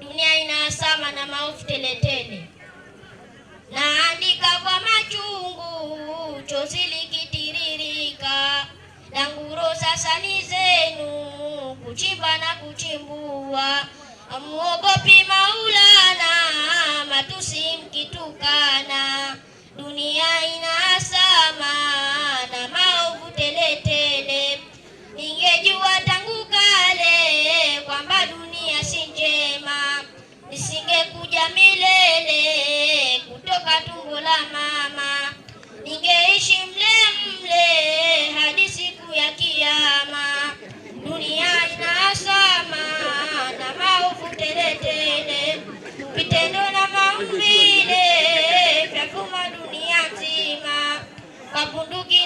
dunia inasama na maovu teletele, naandika kwa machungu, chozi likitiririka, nguro sasa ni zenu, kuchimba na kuchimbua, amuogopi Maulana, matusi mkitukana, dunia inasama na maovu teletele, ningejua tangu kale kwamba dunia si njema Nisingekuja milele kutoka tumbo la mama, ningeishi mle mle hadi siku ya Kiyama. Dunia asama na maovu teletele, vitendo na maumbile vyavuma dunia nzima, mabunduki